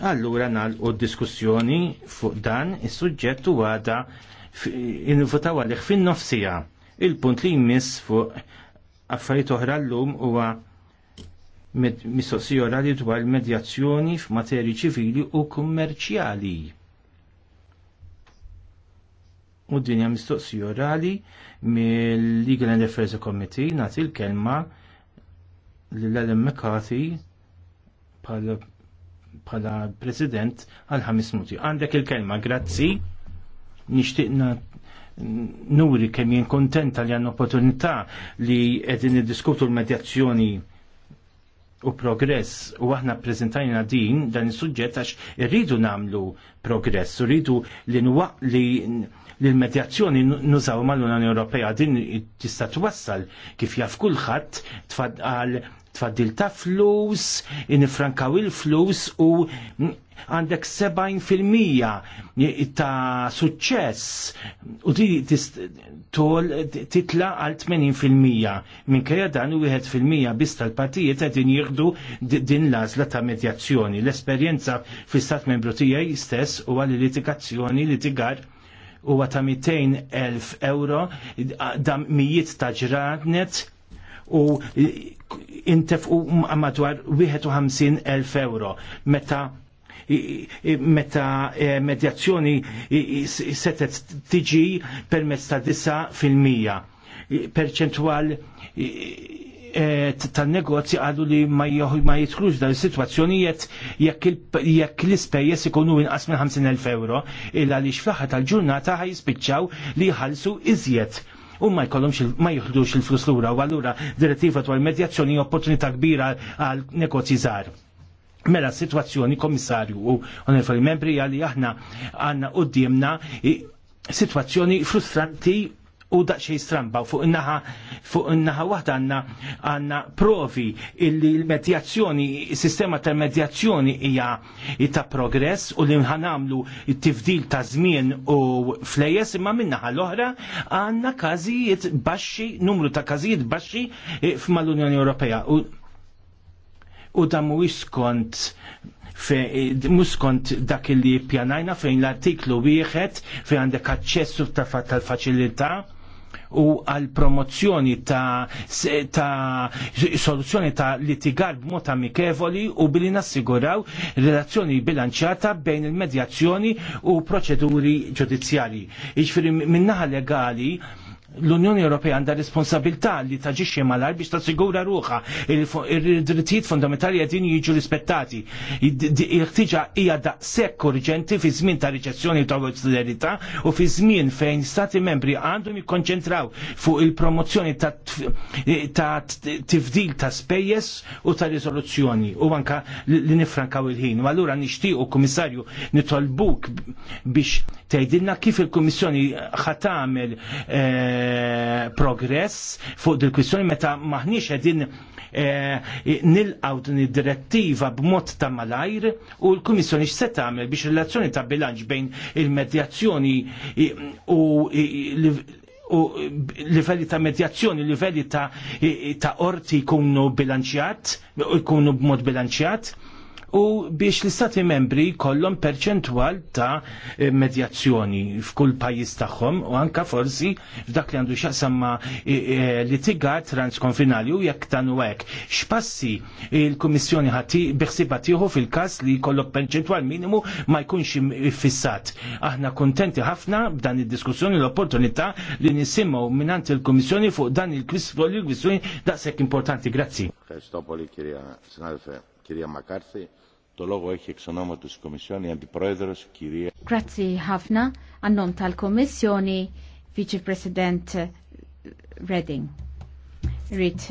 Allura u diskussjoni fuq dan is-suġġett u għada invutaw għalih fin-nofsija. Il-punt li jmiss fuq affarijiet oħra llum huwa mistoqsija orali dwar medjazzjoni f'materji ċivili u kummerċjali. U dinja mistoqsija orali mill-Legal and Affairs Committee nagħti l-kelma l-Ellen McCarthy pal bħala president għal ħamis minuti. Għandek il-kelma, grazzi, nishtiqna nuri kemm jien kontent li għan opportunità li qegħdin niddiskutu l-medjazzjoni u progress u aħna prezentajna din dan is-suġġett għax irridu namlu progress, Rridu li li l-medjazzjoni nużaw mal-Unjoni Ewropea din tista' twassal kif jaf kulħadd tfaddal tfaddil ta' flus, infrankaw il-flus u għandek 70% ta' suċċess u tol titla għal 80% minn kajja dan u 1% biss tal-partijiet għedin jirdu din lażla ta' medjazzjoni. L-esperjenza fl-istat membru tijaj stess u għal litikazzjoni litigar u għata 200.000 euro da' mijiet ta' ġranet u u madwar 51.000 euro meta meta e, medjazzjoni setet tiġi permezz ta' disa fil-mija. Perċentwal e, tan negozji għadu li ma dal situazzjoni jett jekk l-ispejjeż ikunu inqas minn 50.000 euro, illa li xflaħa tal-ġurnata ħaj jispiċċaw li jħallsu iżjed u ma jkollhomx ma jieħdux il-flus lura u allura direttiva dwar medjazzjoni opportunità kbira għal negozji żgħar. Mela situazzjoni komissarju u onorevoli membri għalli aħna għandna qudiemna situazzjoni frustranti u daċċi stramba fuq innaħa fuq innaħa waħda għanna għanna provi illi l-medjazzjoni sistema ta' medjazzjoni hija ta' progress u li nħanamlu t-tifdil ta' żmien u flejes imma minnaħa l-oħra għanna każijiet baxxi numru ta' każijiet baxxi e, mal-Unjoni Ewropea u, u da mhuwiex fe e, muskont dak li pjanajna fejn l-artiklu wieħed fejn għandek aċċessu tal-faċilità u għal promozzjoni ta', ta soluzzjoni ta' litigar b'mod amikevoli u billi nassiguraw relazzjoni bilanċjata bejn il-medjazzjoni u proċeduri ġudizzjali. Iġifieri min-naħa legali l-Unjoni Ewropea għandha responsabilità li taġixxi mal-ar biex tassigura ruħha il-drittijiet fundamentali qegħdin jiġu rispettati. Il-ħtiġa hija daqshekk urġenti fi żmien ta' riċessjoni ta' solidarità u fi żmien fejn stati membri għandhom jikkonċentraw fuq il-promozzjoni ta' tifdil ta' spejjeż u ta' riżoluzzjoni u anka li nifrankaw il-ħin. U allura nixtiequ kummissarju nitolbuk biex tgħidilna kif il-Kummissjoni ħatamel eh, progress fuq dil kwistjoni meta maħniex qegħdin eh, nilqaw din id-direttiva b'mod ta' malajr u l-Kummissjoni x'se tagħmel biex relazzjoni ta' bilanċ bejn il-medjazzjoni u u livelli ta' medjazzjoni, livelli ta' orti jkunu bilanċjat, jkunu b'mod bilanċjat u biex l-istati membri kollom perċentwal ta' eh, medjazzjoni f'kull pajjiż tagħhom u anka forsi f'dak li għandu x'aqsam ma' eh, eh, litigar transkonfinali u jekk tanu hekk. X'passi il-Kummissjoni ħati biħsiba tieħu fil-każ li jkollok perċentwal minimu ma jkunx fissat. Aħna kontenti ħafna b'dan id-diskussjoni l-opportunità li nisimgħu minant il-Kummissjoni fuq dan il-kwistjoni daqshekk importanti. Grazzi κυρία Μακάρθη. Το λόγο έχει εξ της Αντιπρόεδρος κυρία... ħafna għannom tal-Kommissjoni Vice President Redding. Rrit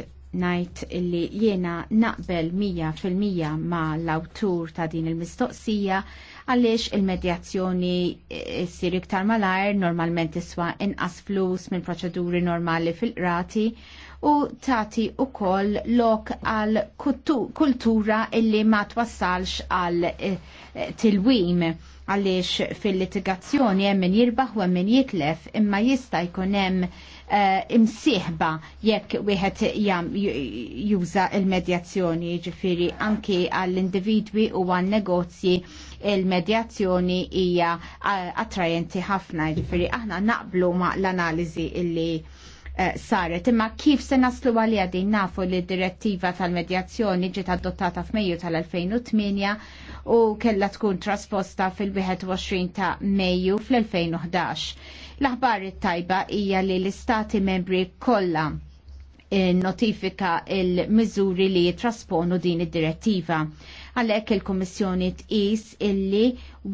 najt illi jiena naqbel 100% ma l-autur ta' din il-mistoqsija għaliex il-medjazzjoni eh, ssir iktar malajr normalment iswa inqas flus minn proċeduri normali fil-qrati u tati u koll lok għal kultura illi ma twassalx għal eh, eh, tilwim għaliex fil-litigazzjoni hemm min jirbaħ u hemm min jitlef imma jista' jkun hemm eh, imsieħba jekk wieħed juża il-medjazzjoni ġifiri anki għall-individwi u għan-negozji il-medjazzjoni hija attrajenti ħafna ġifiri aħna naqblu ma l-analiżi illi Eh, saret, imma kif se naslu għalija din nafu li direttiva tal-medjazzjoni ġiet adottata f'Mejju tal-2008 u kella tkun trasposta fil-21 ta' Mejju fl-2011. L-aħbar it-tajba hija li l-istati membri kollha eh, notifika il-miżuri li jitrasponu din id-direttiva. Għalhekk il-Kummissjoni tqis illi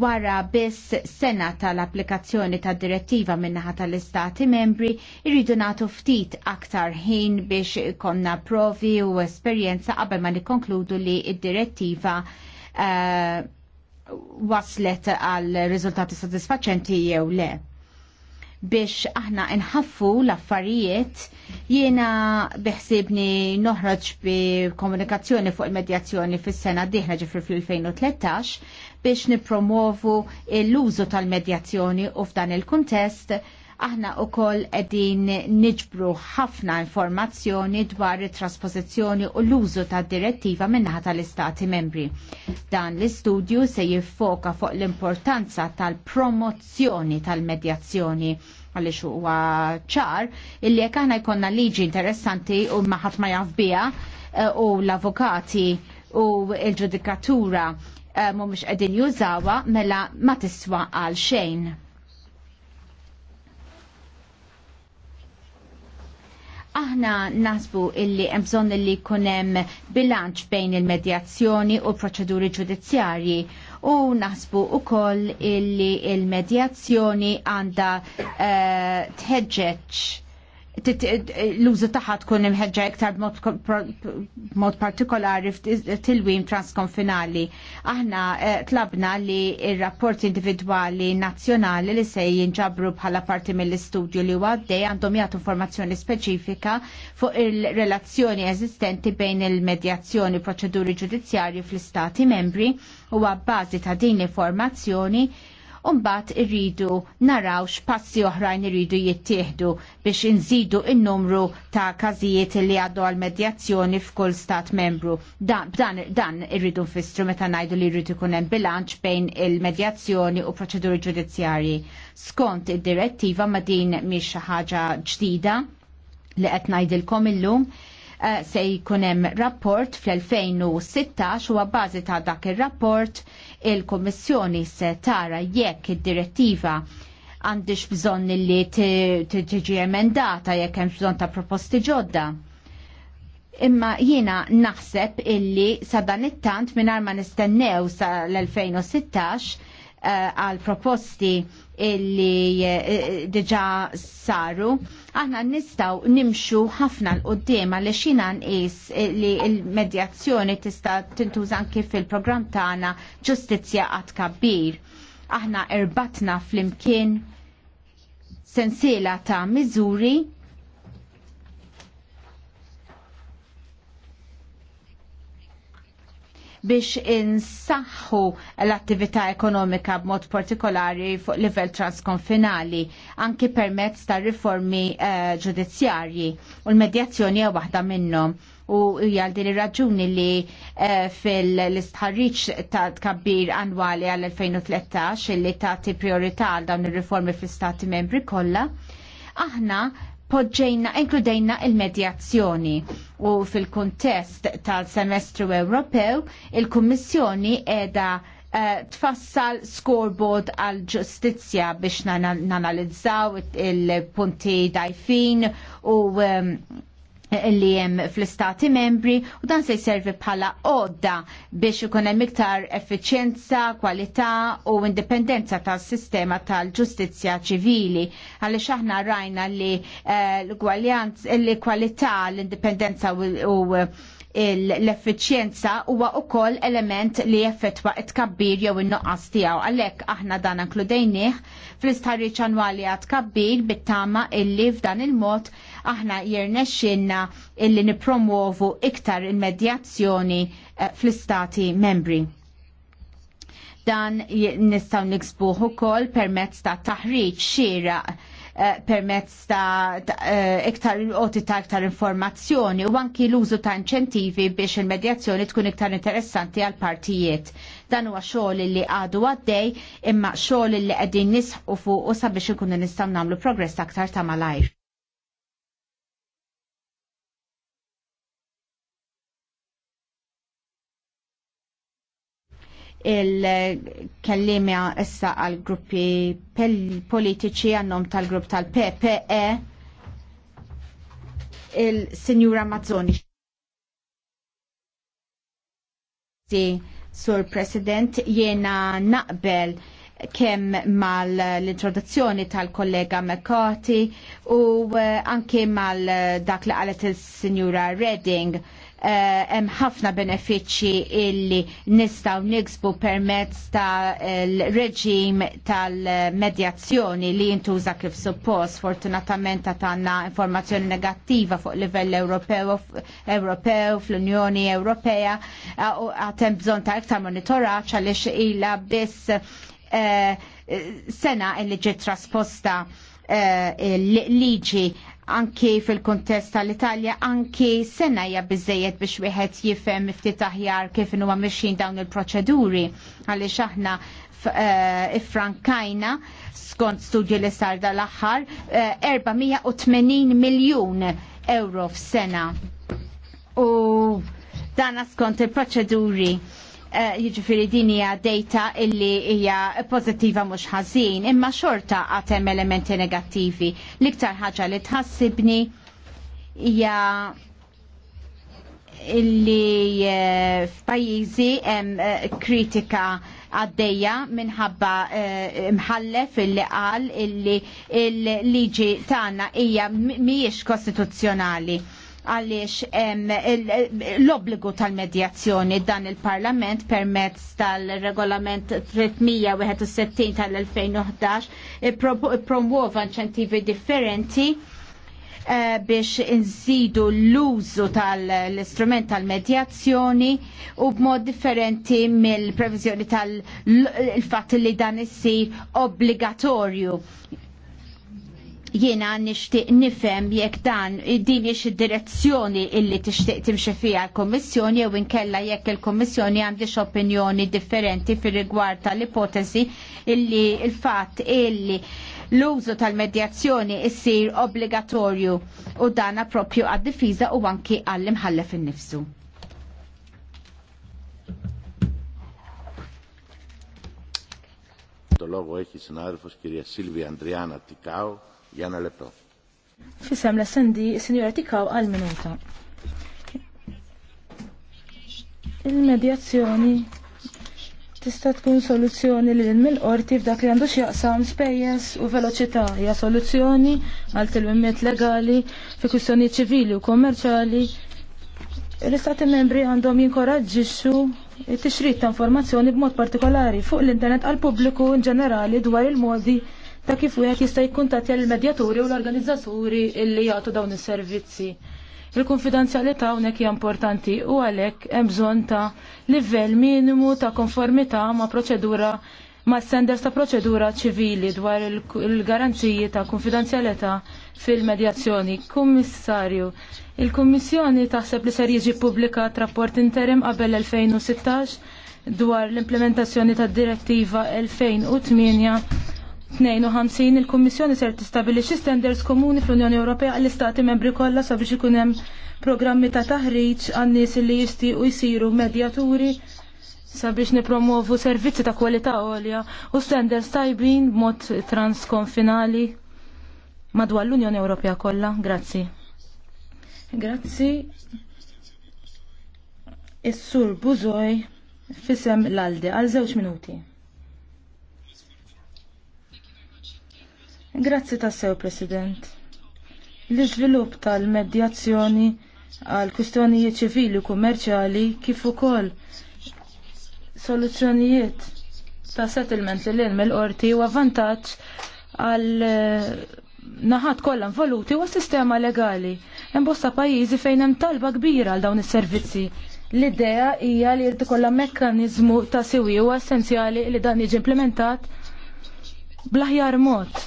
wara biss sena tal-applikazzjoni tad direttiva min-naħa tal-Istati membri irridu nagħtu ftit aktar ħin biex konna provi u esperjenza qabel ma nikkonkludu li id-direttiva uh, waslet għal riżultati sodisfaċenti jew le biex aħna nħaffu l-affarijiet jiena biħsibni noħroġ bi komunikazzjoni fuq il-medjazzjoni fis-sena diħna ġifri fil 2013 biex nipromovu l-użu tal-medjazzjoni u f'dan il-kuntest aħna u koll edin niġbru ħafna informazzjoni dwar il-trasposizjoni u l-użu ta' direttiva minnaħa tal-Istati membri. Dan l-istudju se jiffoka fuq l-importanza tal-promozzjoni tal-medjazzjoni għalli huwa ċar illi jekk aħna jkollna liġi interessanti u maħat ma jaf eh, u l-avukati u l-ġudikatura eh, mhumiex qegħdin jużawa mela ma tiswa għal xejn Aħna nasbu illi bżonn illi kunem bilanċ bejn il-medjazzjoni u proċeduri ġudizzjarji u nasbu u koll illi il-medjazzjoni għanda uh, eh, l-użu taħħa tkun imħeġġa iktar mod partikolari f'tilwim transkonfinali. Aħna eh, tlabna li il rapporti individwali nazzjonali li se jinġabru bħala parti mill-istudju li għaddej għandhom jagħtu informazzjoni speċifika fuq il-relazzjoni eżistenti bejn il-medjazzjoni proċeduri ġudizzjarju fl-istati membri u għabbażi ta' din l-informazzjoni Umbat irridu naraw x'passi oħrajn irridu jittieħdu biex inżidu in-numru ta' każijiet li għadu għal medjazzjoni f'kull stat membru. Dan, dan, irridu nfissru meta ngħidu li jridu jkun hemm bilanċ bejn il-medjazzjoni u proċeduri ġudizzjarji. Skont id-direttiva ma din mhix xi ħaġa ġdida li qed ngħidilkom illum eh, se jkun hemm rapport fl-2016 u għabbażi ta' dak ir-rapport il-Kommissjoni se tara jekk id-direttiva għandix bżon li tiġi emendata jekk hemm bżon ta' proposti ġodda. Imma jiena naħseb illi sa dan it-tant minn ma nistennew sa l-2016 Eh, għal proposti illi eh, diġa saru, aħna nistaw nimxu ħafna l-qoddim għal xina nqis li l-medjazzjoni tista' tintuża anki fil-programm tagħna ġustizzja għad kabbir. Aħna erbatna fl-imkien sensiela ta' miżuri biex insaħħu l-attività ekonomika b'mod partikolari fuq livell transkonfinali, anki permezz ta' riformi eh, ġudizzjarji u l-medjazzjoni hija waħda minnhom u hija din ir-raġuni li eh, fil-istħarriġ ta' tkabbir annwali għal-2013 li tagħti priorità għal dawn ir-riformi fl-istati membri kollha aħna poġġejna, inkludejna il-medjazzjoni u fil-kontest tal-semestru Ewropew il-Kummissjoni edha eh, tfassal scoreboard għal ġustizzja biex nanalizzaw il-punti dajfin u ehm, li jem fl-istati membri u dan se jservi bħala odda biex ikun hemm iktar effiċjenza, kwalità u indipendenza tas-sistema tal-ġustizzja ċivili għaliex aħna rajna li eh, l-kwalità, l-indipendenza u l-effiċjenza huwa wkoll element li jeffettwa t-tkabbir jew in-nuqqas tiegħu. Għalhekk aħna dan inkludejnieh fl-istħarriġ annwali għat tkabbir bit-tama illi f'dan il-mod aħna jirnexxinna illi nipromuovu iktar il-medjazzjoni eh, fl-istati membri. Dan nistgħu niksbuh ukoll permezz ta' taħriġ xieraq Eh, permezz ta' eh, iktar oti ta' iktar informazzjoni u anki l-użu ta' inċentivi biex il-medjazzjoni tkun iktar interessanti għal partijiet. Dan huwa xogħol li għadu għaddej imma xogħol li qegħdin nisħu fuq u sabiex ikunu nistgħu nagħmlu progress aktar ta' malajr. il kellimja issa għal-gruppi politiċi għannom tal-grupp tal-PPE il-Sinjura Mazzoni. Sur President, jena naqbel kemm mal-introduzzjoni tal-kollega McCarthy u eh, anke mal dak li qalet il-Sinjura Redding Eh, hemm ħafna benefiċċji illi nistgħu niksbu permezz ta' reġim tal-medjazzjoni li jintuża kif suppost fortunatament ta' għandna informazzjoni negattiva fuq livell Ewropew Ewropew fl-Unjoni Ewropea u hemm bżonn ta' iktar monitoraġġ għaliex ilha biss eh, sena illi ġiet trasposta eh, liġi anki fil-kontest tal-Italja anki sena hija biżejjed biex wieħed jifhem ftit aħjar kif huma mixjin dawn il-proċeduri għaliex aħna eh, ifrankajna skont studju li sar dal-aħħar 480 eh, miljun euro f'sena. U dana skont il-proċeduri Eh, jiġifieri din hija data illi hija pożittiva mhux ħażin, imma xorta għad hemm elementi negattivi. L-iktar ħaġa li tħassibni hija illi eh, f'pajjiżi hemm eh, kritika għaddeja minħabba mħallef illi qal illi l-liġi tagħna hija mhijiex kostituzzjonali għaliex l-obbligu tal-medjazzjoni dan il-Parlament permezz tal-regolament 361 tal-2011 promuova inċentivi differenti eh, biex nżidu l-użu tal-istrument tal-medjazzjoni u b'mod differenti mill-previżjoni tal fat li dan issir obbligatorju Jiena nixtieq nifhem jekk dan din id direzzjoni illi tixtieq timxi fiha l-Kummissjoni jew inkella jekk il-Kummissjoni għandix opinjoni differenti fir-rigward tal-ipotesi illi il-fatt illi l-użu tal-medjazzjoni issir obbligatorju u dana propju għad-difiża u anki għall-imħallef innifsu. Το λόγο έχει συνάδελφος κυρία Σίλβια Αντριάννα Τικάου. Jana Leppo. Fisem la sendi, signora tikaw għal minuta. Il-medjazzjoni tista' tkun soluzzjoni li l qorti f'dak li għandu x'jaqsam spejjeż u veloċità hija soluzzjoni għal tilwimiet legali fi kustjoni ċivili u kommerċali. L-istati membri għandhom jinkoraġġixxu t-tixrid ta' informazzjoni b'mod partikolari fuq l-internet għal pubbliku in ġenerali dwar il-modi ta' kif wieħed jista' jikkuntattja l-medjaturi u l-organizzaturi li jagħtu dawn is-servizzi. Il-konfidenzjalità hawnhekk hija importanti u għalhekk hemm bżonn ta' livell minimu ta' konformità ma' proċedura ma' standards ta' proċedura ċivili dwar il-garanziji ta' konfidenzjalità fil-medjazzjoni. Kummissarju, il-Kummissjoni taħseb li ser jiġi pubblika rapport interim qabel 2016 dwar l-implementazzjoni tad direttiva 2008 52 il-Kummissjoni ser tistabilixxi standards komuni fl-Unjoni Ewropea għall-Istati membri kollha sabiex ikun hemm programmi ta' taħriġ għan-nies li jistiequ jsiru medjaturi sabiex nipromovu servizzi ta' kwalità għolja u standards tajbin b'mod transkonfinali madwar l-Unjoni Ewropea kollha. Grazzi. Grazzi. Is-sur Buzoj fisem l-alde għal żewġ minuti. Grazzi tassew, President. L-iżvilupp tal-medjazzjoni għal kwistjonijiet ċivili u kummerċjali kif ukoll soluzzjonijiet ta' settlement li l-ilm il-qorti u avvantaġġ għal eh, naħat kollha involuti u sistema legali. Hemm bosta pajjiżi fejn hemm talba kbira għal dawn is-servizzi. L-idea hija li jrid ikollha mekkaniżmu ta' sewi u essenzjali li dan jiġi implementat bl-aħjar mod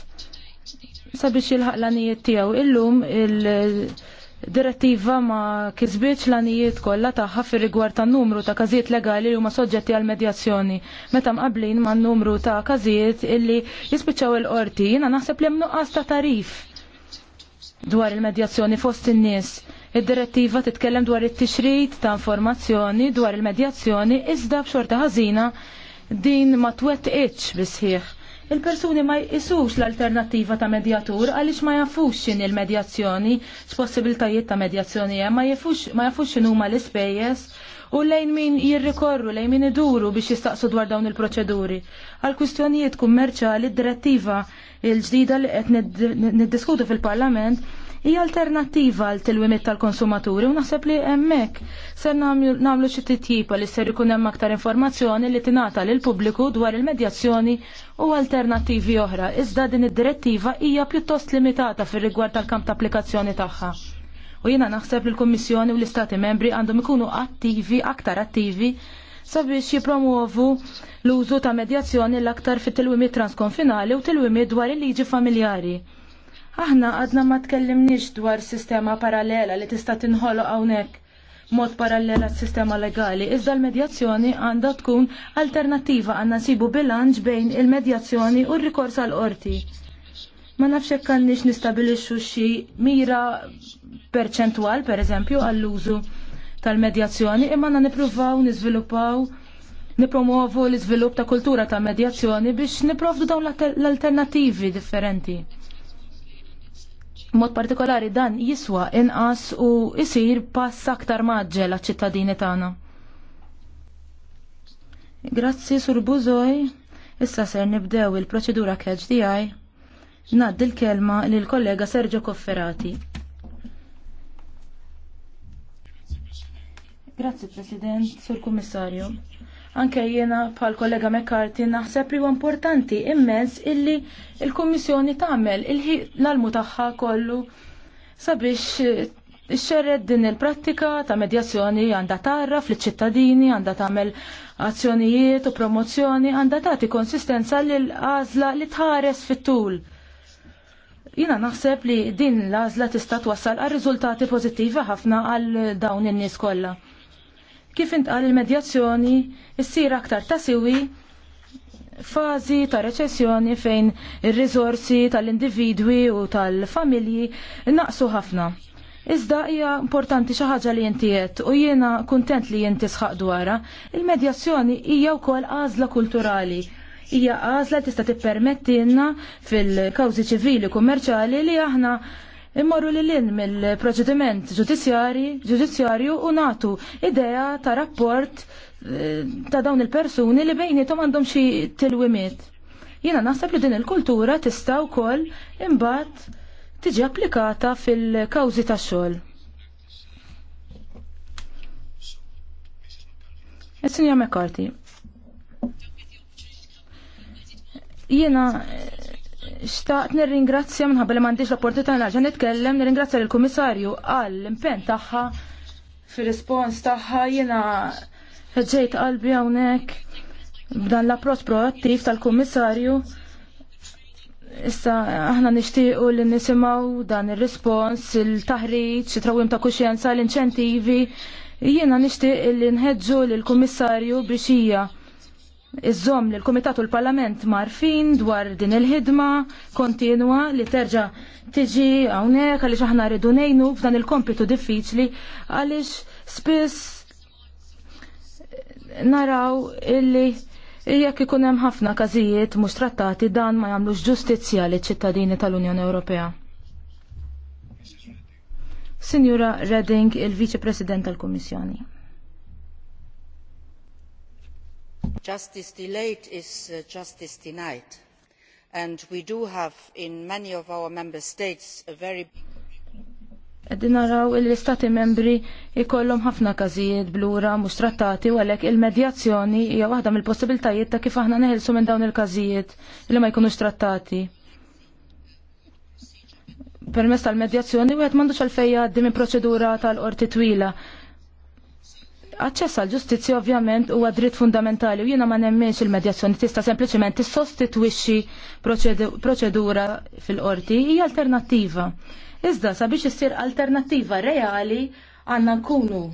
sabiex jilħaq l-anijiet tiegħu. Illum il-direttiva ma kisbiċ l-anijiet kollha tagħha fir rigward tan-numru ta' każijiet legali li huma soġġetti għal medjazzjoni. Meta mqablin man numru ta' każijiet illi jispiċċaw il-qorti, jina naħseb li hemm nuqqas ta' tarif dwar il-medjazzjoni fost in-nies. Id-direttiva titkellem dwar it-tixrid ta' informazzjoni dwar il-medjazzjoni iżda b'xorta ħażina din ma twettqitx bisħieħ il-persuni ma jisux l-alternativa ta' medjatur għaliex ma jafux xin il-medjazzjoni, s-possibiltajiet ta' medjazzjoni hemm, ma jafux ma jafux xin huma l-ispejjeż u lejn min jirrikorru, lejn min iduru biex jistaqsu dwar dawn il-proċeduri. Għal kwistjonijiet kummerċali d-direttiva il-ġdida li qed niddiskutu fil-Parlament hija alternattiva għal tilwimit tal-konsumaturi u naħseb li hemmhekk se nagħmlu xi titjiba li ser ikun hemm aktar informazzjoni li tingħata lil pubbliku dwar il-medjazzjoni u alternattivi oħra. Iżda din id-direttiva hija pjuttost limitata fir-rigward tal-kamp ta' applikazzjoni tagħha u jiena naħseb li l kummissjoni u l-Istati membri għandhom ikunu attivi, aktar attivi, sabiex jipromuovu l-użu ta' medjazzjoni l-aktar fit tilwimiet transkonfinali u tilwimiet dwar il-liġi familjari. Aħna għadna ma tkellimniex dwar sistema parallela li tista' tinħolo hawnhekk mod parallela s-sistema legali. Iżda l-medjazzjoni għandha tkun alternattiva għandna nsibu bilanċ bejn il-medjazzjoni u r-rikors għal qorti. Ma nafx hekk għandniex nistabilixxu xi mira perċentwal pereżempju għall-użu tal-medjazzjoni imma na nippruvaw niżviluppaw nipromovu l-iżvilupp ta' kultura ta' medjazzjoni biex niprovdu dawn l-alternativi differenti mod partikolari dan jiswa inqas u jisir pass aktar maġġel la ċittadini tagħna. Grazzi Sur Buzoj, issa ser nibdew il-proċedura catch DI. Naddi l-kelma lill kollega Sergio Kofferati. Grazzi President, Sur Kummissarju. Anke jiena bħal kollega McCarthy naħseb li importanti immens illi il-Kummissjoni tagħmel il-ħi l-almu tagħha kollu sabiex Ixxered eh, din il-prattika ta' medjazzjoni għandha tarra fl-ċittadini, għandha tagħmel azzjonijiet u promozzjoni, għandha tagħti konsistenza lil għażla li tħares fit-tul. Jina naħseb li din l-għażla tista' twassal għal riżultati pożittivi ħafna għal dawn in-nies kollha. Kif intqal il-medjazzjoni issir aktar ta' siwi fażi ta' reċessjoni fejn ir-riżorsi tal-individwi u tal-familji naqsu ħafna. Iżda hija importanti xi ħaġa li inti qed u jiena kuntent li inti sħaq dwarha. Il-medjazzjoni hija wkoll għażla kulturali hija għażla tista' tippermettilna fil-kawżi ċivili kummerċjali li aħna immorru li l-in mill-proċediment ġudizzjarju u natu idea ta' rapport eh, ta' dawn il-persuni li tom għandhom xi tilwimiet. Jiena naħseb li din il-kultura tista' wkoll imbagħad tiġi applikata fil-kawżi tax-xogħol. Is-Sinja McCarthy. Jiena Xtaqt nirringrazzja minħabba li mandiġ l-opportunità naġa nitkellem, nirringrazzja lill kummissarju għall impenn tagħha fir-rispons tagħha jiena ħeġġejt qalbi hawnhekk b'dan l-approċċ proattiv tal-kummissarju. Issa aħna nixtiequ li nisimgħu dan ir-rispons, il-taħriġ, it-trawim ta' kuxjenza, l-inċentivi. Jiena nixtieq li nħeġġu lill kummissarju biex hija iżżomm li l-Kumitat u l-Parlament marfin dwar din il-ħidma kontinwa li terġa' tiġi hawnhekk għaliex aħna rridu nejnu f'dan il-kompitu diffiċli għaliex spiss naraw illi jekk ikun hemm ħafna każijiet mhux trattati dan ma jagħmlux ġustizzja liċ ċittadini tal-Unjoni Ewropea. Sinjura Redding, il-Viċi President tal-Kummissjoni. Justice delayed is uh, justice denied. And we do have in many of our member states a very Għeddin naraw il-istati membri ikollhom ħafna każijiet blura mhux trattati u għalhekk il-medjazzjoni hija waħda mill-possibiltajiet ta' kif aħna neħilsu minn dawn il-każijiet li ma jkunux trattati. Permess tal-medjazzjoni wieħed m'għandux għalfejn jgħaddi minn proċedura tal-qorti twila Aċċess għal ġustizzja ovvjament huwa dritt fundamentali u jiena ma nemmenx il-medjazzjoni tista' sempliċement tissostitwixxi proċedura fil-qorti hija alternattiva. Iżda sabiex issir alternattiva reali għandna nkunu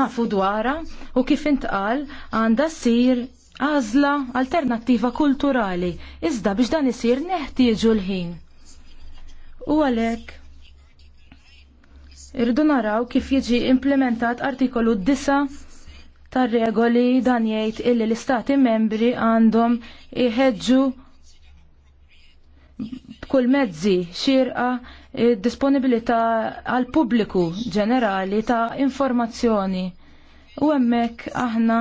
nafu dwara u kif intqal għandha ssir għażla alternattiva kulturali. Iżda biex dan isir neħtieġu l-ħin. U għalhekk Irridu naraw kif jiġi implementat artikolu 9 tar-regoli dan jgħid illi l-istati membri għandhom iħeġġu b'kull mezzi xirqa eh, disponibilità għal pubbliku ġenerali ta' informazzjoni. U hemmhekk aħna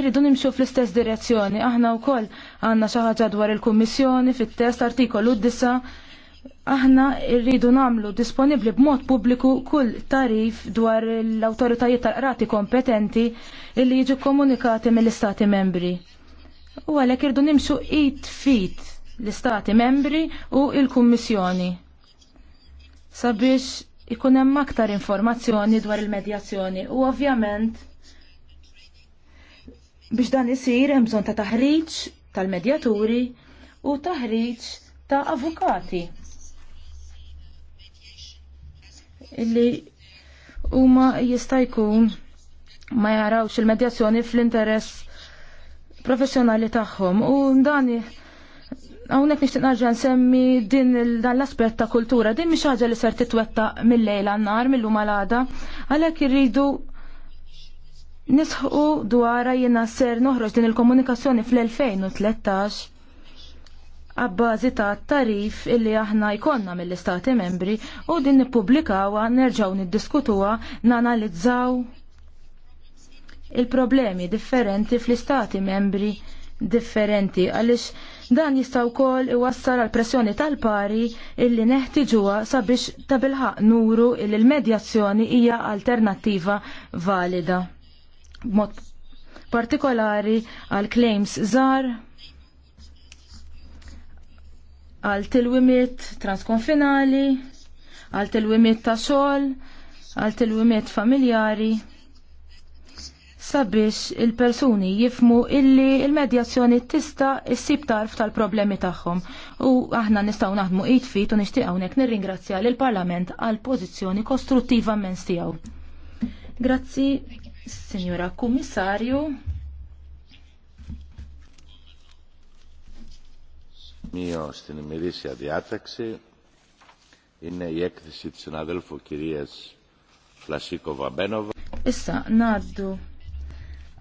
irridu nimxu fl-istess direzzjoni. Aħna wkoll għandna xi ħaġa dwar il-Kummissjoni fit-test artikolu 9 aħna rridu namlu disponibli b'mod pubbliku kull tarif dwar l-autoritajiet tal-qrati kompetenti illi jiġu komunikati mill-istati membri. U għalek irdu nimxu it fit l-istati membri u il-kummissjoni. Sabiex ikun hemm aktar informazzjoni dwar il-medjazzjoni u ovvjament biex dan isir hemm bżonn ta' taħriġ tal-medjaturi u taħriġ ta' avukati illi huma jista' jkun ma jarawx il-medjazzjoni fl-interess professjonali tagħhom u dan hawnhekk nixtieq nerġa' nsemmi din dan l-aspett ta' kultura, din mhix ħaġa li ser titwetta mill-lejl għan-nar mill-lum għal għalhekk irridu nisħu dwar jiena ser noħroġ din il-komunikazzjoni fl-2013 għabbażi ta' tarif illi aħna jkonna mill-istati membri u din nipublikawa nerġaw niddiskutuha nanalizzaw il-problemi differenti fl-istati membri differenti għaliex dan jista' wkoll iwassal għal pressjoni tal-pari illi neħtiġuha sabiex tabilħaq nuru illi l-medjazzjoni hija alternattiva valida. Mod partikolari għal claims żgħar għal tilwimiet transkonfinali, għal tilwimiet ta' xogħol, għal tilwimiet familjari sabiex il-persuni jifmu illi il-medjazzjoni tista' issib tarf tal-problemi tagħhom. U aħna nistgħu naħdmu id fit u nixtieq hawnhekk nirringrazzja lill parlament għal pożizzjoni kostruttiva mens tiegħu. Grazzi, Signora Kummissarju. Μείο στην ημερήσια διάταξη είναι η έκθεση της συναδέλφου κυρίας Φλασίκοβα Μπένοβα. Issa, naddu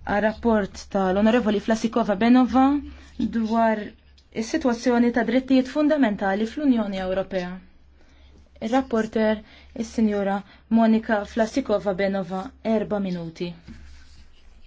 għal rapport tal-Onorevoli Flasikova Benova dwar is-sitwazzjoni ta' drittijiet fundamentali fl-Unjoni Ewropea. Il-rapporter is-Sinjura Monika Flasikova Benova, erba' minuti.